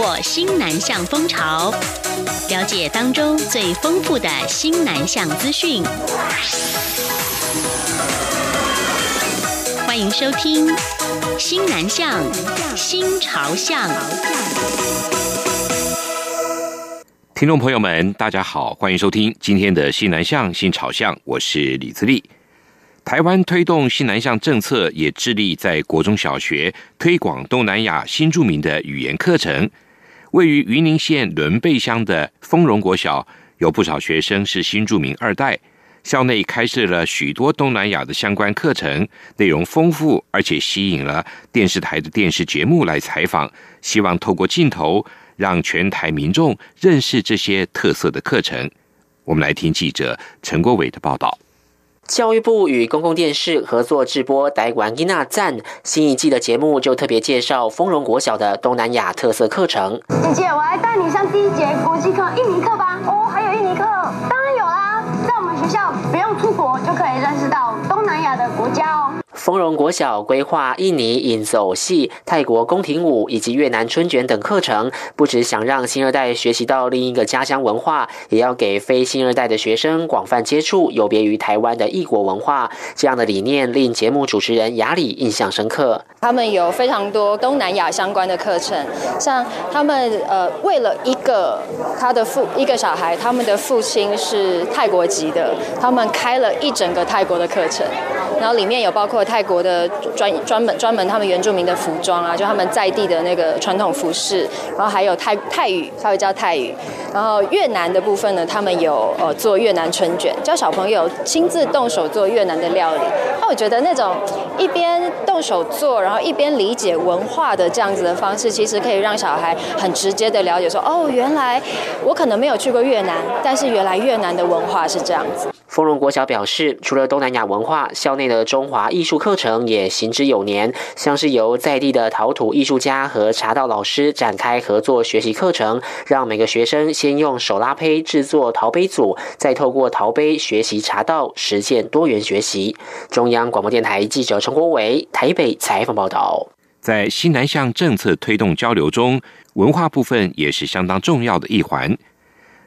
過新南向風潮，了解當中最豐富的新南向資訊。歡迎收聽《新南向新潮向》。聽眾朋友們，大家好，歡迎收聽今天的《新南向新潮向》，我是李自立。台灣推動新南向政策，也致力在國中小學推廣東南亞新住民的語言課程。位於雲林縣崙背鄉的豐榮國小，有不少學生是新住民二代。校內開設了許多東南亞的相關課程，內容豐富，而且吸引了電視台的電視節目來採訪，希望透過鏡頭讓全台民眾認識這些特色的課程。我們來聽記者陳國偉的報道。教育部與公共電視合作製播《台灣伊娜讚》，新一季的節目就特別介紹豐榮國小的東南亞特色課程。姐姐，我來帶你上第一節國際課印尼課吧。哦，還有印尼課？當然有啦、啊，在我們學校不用出國就可以認識到東南亞的國家哦。豐榮國小規劃印尼影子偶戲、泰國宮廷舞以及越南春捲等課程，不只想讓新二代學習到另一個家鄉文化，也要給非新二代的學生廣泛接觸有別於台灣的異國文化。這樣的理念令節目主持人雅里印象深刻。他們有非常多東南亞相關的課程，像他們呃，為了一個他的父一個小孩，他們的父親是泰國籍的，他們開了一整個泰國的課程。然後裡面有包括泰國的專專門專門他們原住民的服裝啊，就他們在地的那個傳統服飾，然後還有泰泰語，他會教泰語。然後越南的部分呢，他們有呃、哦、做越南春捲，教小朋友親自動手做越南的料理。那我覺得那種一邊動手做，然後一邊理解文化的這樣子的方式，其實可以讓小孩很直接的了解說，哦，原來我可能沒有去過越南，但是原來越南的文化是這樣子。豐榮國小表示，除了東南亞文化，校內的中華藝術課程也行之有年，像是由在地的陶土藝術家和茶道老師展開合作學習課程，讓每個學生先用手拉胚制作陶杯組，再透過陶杯學習茶道，實現多元學習。中央廣播電台記者陳國偉台北採訪報道，在新南向政策推動交流中，文化部分也是相當重要的一環。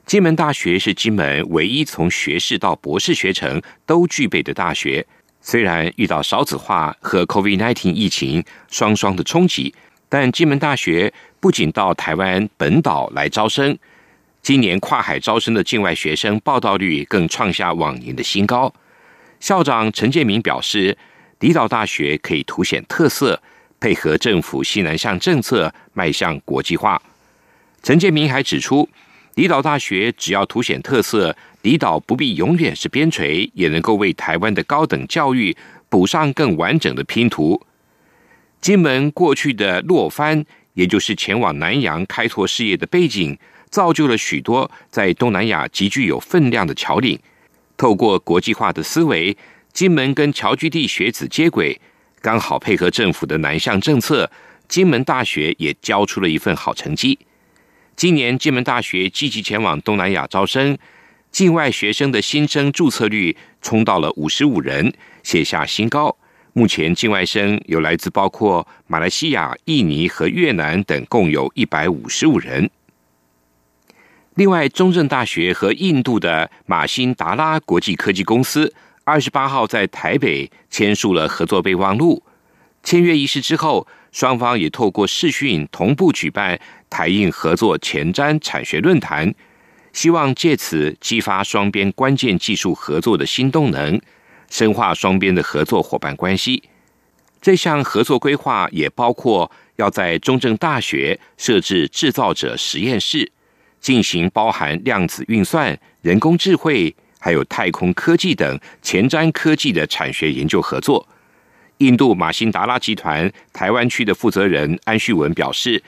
金門大學是金門唯一從學士到博士學程都具備的大學。雖然遇到少子化和 COVID-19 疫情雙雙的衝擊，但金門大學不僅到台灣本島來招生，今年跨海招生的境外學生報到率更創下往年的新高。校長陳建民表示，離島大學可以凸顯特色，配合政府新南向政策，邁向國際化。陳建民還指出。離島大學只要凸顯特色，離島不必永遠是邊陲，也能夠為台灣的高等教育補上更完整的拼圖。金門過去的落番，也就是前往南洋開拓事業的背景，造就了許多在東南亞極具有分量的僑領。透過國際化的思維，金門跟僑居地學子接軌，剛好配合政府的南向政策，金門大學也交出了一份好成績。今年，金門大學積極前往東南亞招生，境外學生的新生註冊率衝到了五十五人，寫下新高。目前，境外生有來自包括馬來西亞、印尼和越南等，共有一百五十五人。另外，中正大學和印度的馬辛達拉國際科技公司二十八號在台北簽署了合作備忘錄。簽約儀式之後，雙方也透過視訊同步舉辦。台印合作前瞻產學論壇，希望借此激發雙邊關鍵技術合作的新動能，深化雙邊的合作夥伴關係。這項合作規劃也包括要在中正大學設置制造者實驗室，進行包含量子運算、人工智慧，還有太空科技等前瞻科技的產學研究合作。印度馬辛達拉集團台灣區的負責人安旭文表示，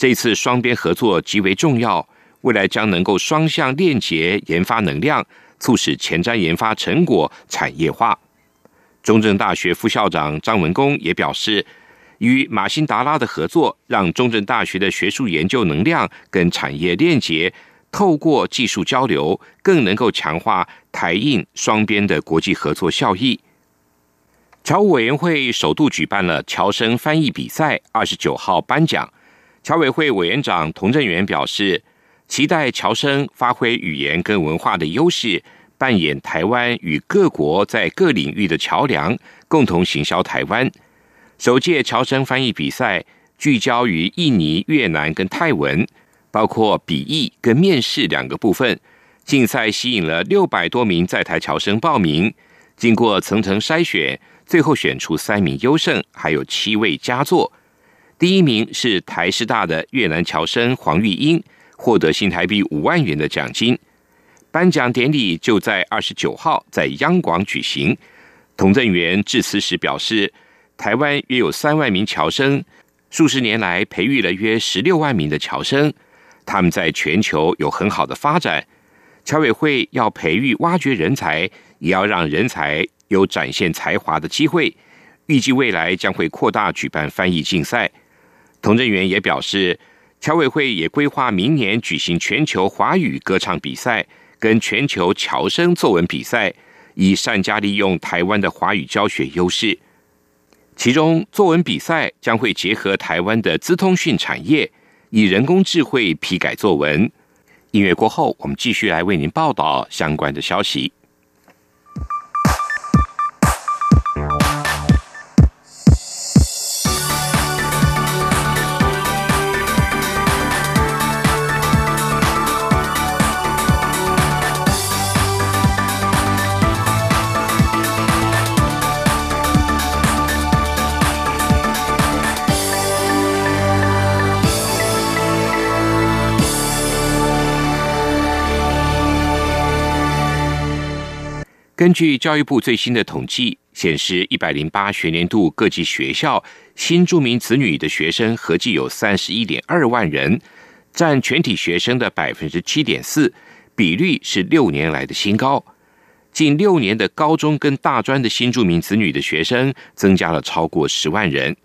這次雙邊合作極為重要，未來將能夠雙向鏈接研發能量，促使前瞻研發成果產業化。中正大學副校長張文公也表示，與馬辛達拉的合作讓中正大學的學術研究能量跟產業鏈接，透過技術交流，更能夠強化台印雙邊的國際合作效益。僑務委員會首度舉辦了僑生翻譯比賽，二十九號頒獎。僑委會委員長童振源表示，期待僑生發揮語言跟文化的優勢，扮演台灣與各國在各領域的橋梁，共同行銷台灣。首屆僑生翻譯比賽聚焦於印尼、越南跟泰文，包括筆譯跟面試兩個部分。競賽吸引了六百多名在台僑生報名，經過層層篩選，最後選出三名優勝，還有七位佳作。第一名是台師大的越南僑生黃玉英，獲得新台幣五萬元的獎金。頒獎典禮就在二十九號在央廣舉行。童振源致辭時表示，台灣約有三萬名僑生，數十年來培育了約十六萬名的僑生，他們在全球有很好的發展。僑委會要培育挖掘人才，也要讓人才有展現才華的機會，預計未來將會擴大舉辦翻譯競賽。童振源也表示，僑委會也規劃明年舉行全球華語歌唱比賽，跟全球僑生作文比賽，以善加利用台灣的華語教學優勢。其中作文比賽將會結合台灣的資通訊產業，以人工智慧批改作文。音樂過後，我們繼續來為您報道相關的消息。根據教育部最新的統計顯示，一百零八學年度各級學校新住民子女的學生合計有三十一點二萬人，佔全體學生的百分之七點四，比率是六年來的新高。近六年的高中跟大專的新住民子女的學生增加了超過十萬人。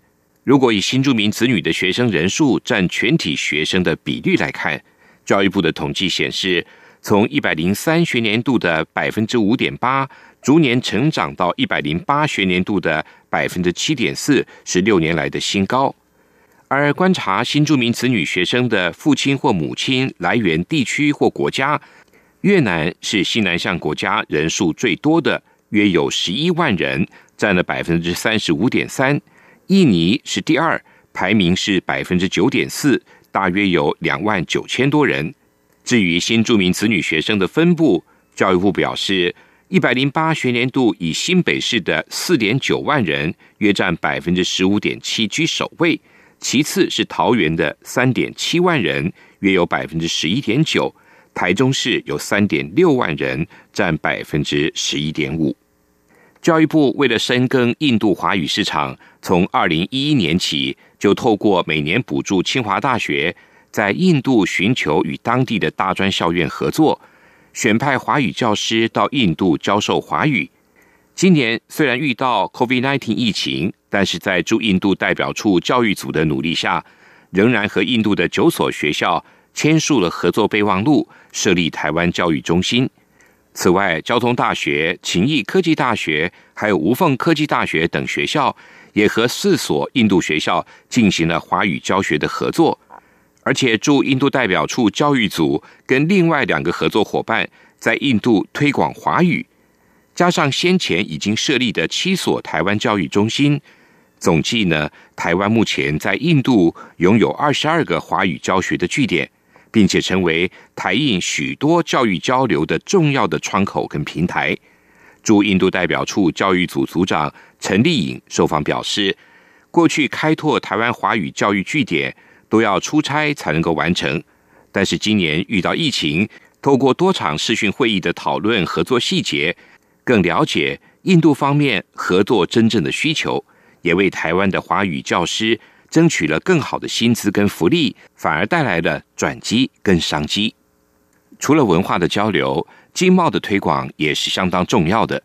如果以新住民子女的學生人數佔全體學生的比率來看，教育部的統計顯示。從一百零三學年度的百分之五點八，逐年成長到一百零八學年度的百分之七點四，是六年來的新高。而觀察新住民子女學生的父親或母親來源地區或國家，越南是新南向國家人數最多的，約有十一萬人，占了百分之三十五點三。印尼是第二，排名是百分之九點四，大約有兩萬九千多人。至於新住民子女學生的分布，教育部表示，一百零八學年度以新北市的四點九萬人，約占百分之十五點七居首位，其次是桃園的三點七萬人，約有百分之十一點九，台中市有三點六萬人，占百分之十一點五。教育部為了深耕印度華語市場，從二零一一年起就透過每年補助清華大學。在印度尋求與當地的大專校院合作，選派華語教師到印度教授華語。今年雖然遇到 COVID-19 疫情，但是在駐印度代表處教育組的努力下，仍然和印度的九所學校簽署了合作備忘錄，設立台灣教育中心。此外，交通大學、勤益科技大學還有無縫科技大學等學校，也和四所印度學校進行了華語教學的合作。而且，駐印度代表處教育組跟另外兩個合作夥伴在印度推廣華語，加上先前已經設立的七所台灣教育中心，總計呢，台灣目前在印度擁有二十二個華語教學的據點，並且成為台印許多教育交流的重要的窗口跟平台。駐印度代表處教育組組長陳麗穎受訪表示，過去開拓台灣華語教育據點。都要出差才能夠完成，但是今年遇到疫情，透過多場視訊會議的討論合作細節，更了解印度方面合作真正的需求，也為台灣的華語教師爭取了更好的薪資跟福利，反而帶來了轉機跟商機。除了文化的交流，經貿的推廣也是相當重要的。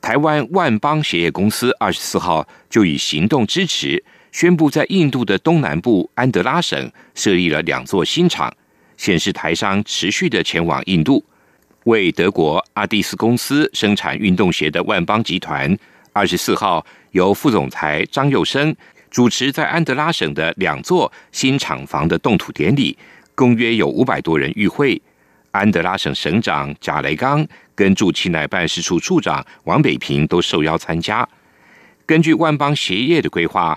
台灣萬邦鞋業公司二十四號就以行動支持，宣布在印度的東南部安德拉省設立了兩座新廠，顯示台商持續的前往印度。為德國阿迪斯公司生產運動鞋的萬邦集團，二十四號由副總裁張佑生主持在安德拉省的兩座新廠房的動土典禮，共約有五百多人與會。安德拉省省長賈雷剛跟駐清奈辦事處處長王北平都受邀參加。根據萬邦鞋業的規劃，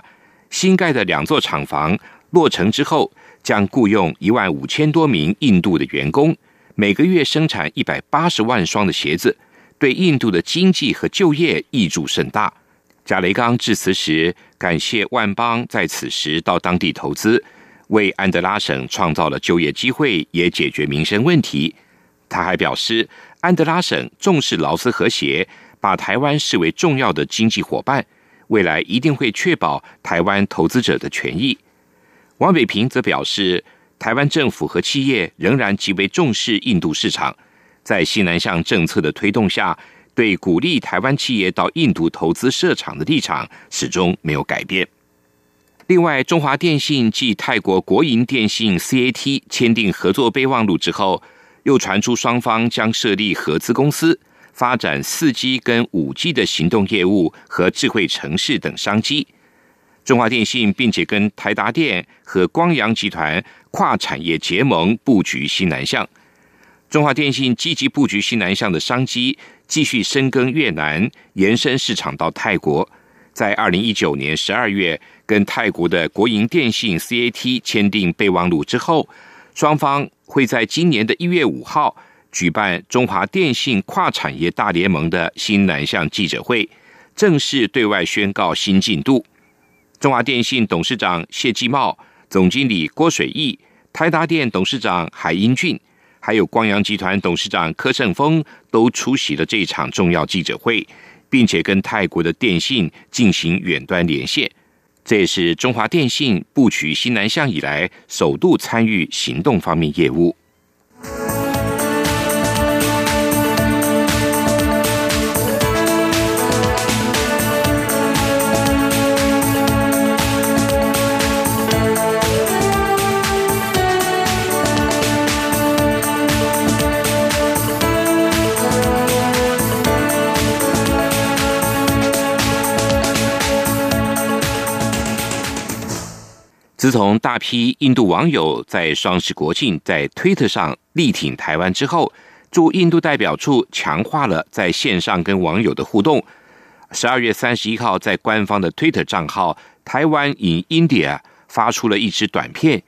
新蓋的兩座廠房落成之後，將僱傭一萬五千多名印度的員工，每個月生產一百八十萬雙的鞋子，對印度的經濟和就業益處甚大。賈雷剛致辭時感謝萬邦在此時到當地投資，為安德拉省創造了就業機會，也解決民生問題。他還表示，安德拉省重視勞資和諧，把台灣視為重要的經濟夥伴。未來一定會確保台灣投資者的權益。王北平則表示，台灣政府和企業仍然極為重視印度市場，在新南向政策的推動下，對鼓勵台灣企業到印度投資設廠的立場始終沒有改變。另外，中華電信繼泰國國營電信 CAT 簽訂合作備忘錄之後，又傳出雙方將設立合資公司。發展四 G 跟五 G 的行動業務和智慧城市等商機。中華電信並且跟台達電和光陽集團跨產業結盟布局新南向。中華電信積極布局新南向的商機，繼續深耕越南，延伸市場到泰國。在二零一九年十二月跟泰國的國營電信 CAT 簽訂備忘錄之後，雙方會在今年的一月五號。舉辦中華電信跨產業大聯盟的新南向記者會，正式對外宣告新進度。中華電信董事長謝繼茂、總經理郭水義、台達電董事長海英俊，還有光陽集團董事長柯勝峰都出席了這場重要記者會，並且跟泰國的電信進行遠端連線。這也是中華電信布局新南向以來，首度參與行動方面業務。自從大批印度網友在雙十國慶在推特上力挺台灣之後，駐印度代表處強化了在線上跟網友的互動。十二月三十一號，在官方的推特賬號“台灣 in India” 發出了一支短片，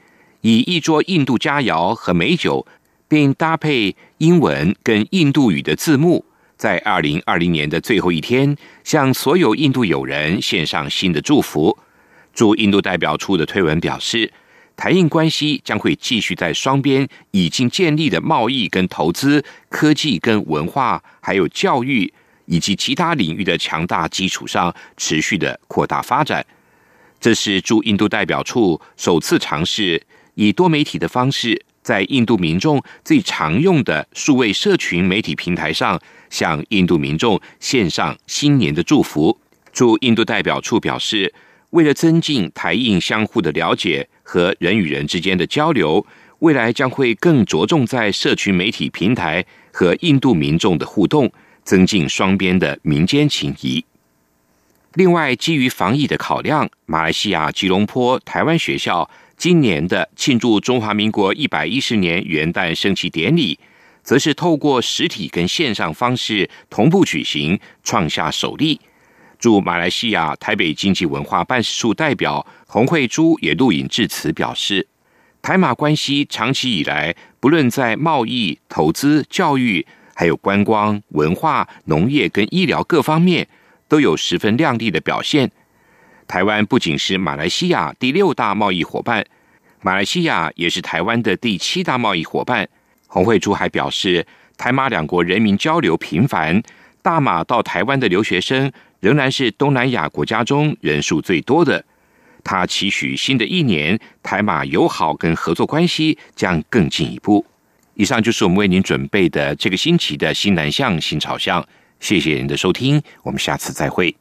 以一桌印度佳肴和美酒，並搭配英文跟印度語的字幕，在二零二零年的最後一天，向所有印度友人獻上新的祝福。駐印度代表處的推文表示，台印關係將會繼續在雙邊已經建立的貿易跟投資、科技跟文化，還有教育以及其他領域的強大基礎上，持續的擴大發展。這是駐印度代表處首次嘗試以多媒體的方式，在印度民眾最常用的數位社群媒體平台上，向印度民眾獻上新年的祝福。駐印度代表處表示。為了增進台印相互的了解和人與人之間的交流，未來將會更着重在社群媒體平台和印度民眾的互動，增進雙邊的民間情誼。另外，基於防疫的考量，馬來西亞吉隆坡台灣學校今年的慶祝中華民國一百一十年元旦升旗典禮，則是透過實體跟線上方式同步舉行，創下首例。駐馬來西亞台北經濟文化辦事處代表洪慧珠也錄影致辭表示，台馬關係長期以來，不論在貿易、投資、教育，還有觀光、文化、農業跟醫療各方面，都有十分亮麗的表現。台灣不僅是馬來西亞第六大貿易夥伴，馬來西亞也是台灣的第七大貿易夥伴。洪慧珠還表示，台馬兩國人民交流頻繁，大馬到台灣的留學生，仍然是東南亞國家中人數最多的。他期許新的一年，台馬友好跟合作關係將更進一步。以上就是我們為您準備的這個星期的新南向新朝向。謝謝您的收聽，我們下次再會。